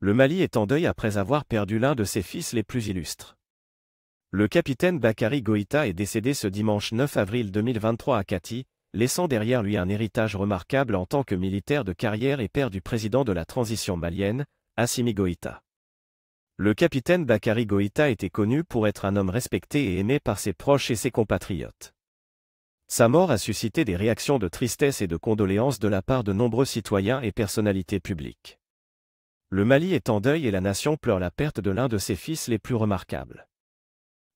Le Mali est en deuil après avoir perdu l'un de ses fils les plus illustres. Le capitaine Bakary Goïta est décédé ce dimanche 9 avril 2023 à Kati, laissant derrière lui un héritage remarquable en tant que militaire de carrière et père du président de la transition malienne, Assimi Goïta. Le capitaine Bakary Goïta était connu pour être un homme respecté et aimé par ses proches et ses compatriotes. Sa mort a suscité des réactions de tristesse et de condoléances de la part de nombreux citoyens et personnalités publiques. Le Mali est en deuil et la nation pleure la perte de l'un de ses fils les plus remarquables.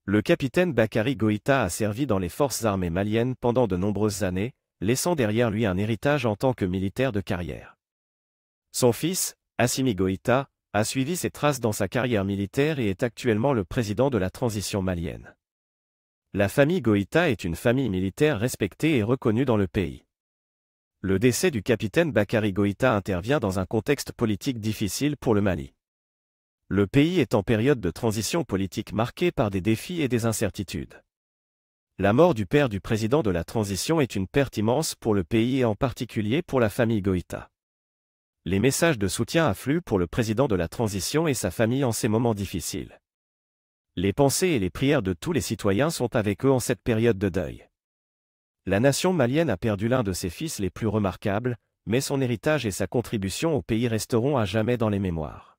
Le capitaine Bakary Goïta a servi dans les forces armées maliennes pendant de nombreuses années, laissant derrière lui un héritage en tant que militaire de carrière. Son fils, Assimi Goïta, a suivi ses traces dans sa carrière militaire et est actuellement le président de la transition malienne. La famille Goïta est une famille militaire respectée et reconnue dans le pays. Le décès du capitaine Bakary Goïta intervient dans un contexte politique difficile pour le Mali. Le pays est en période de transition politique marquée par des défis et des incertitudes. La mort du père du président de la transition est une perte immense pour le pays et en particulier pour la famille Goïta. Les messages de soutien affluent pour le président de la transition et sa famille en ces moments difficiles. Les pensées et les prières de tous les citoyens sont avec eux en cette période de deuil. La nation malienne a perdu l'un de ses fils les plus remarquables, mais son héritage et sa contribution au pays resteront à jamais dans les mémoires.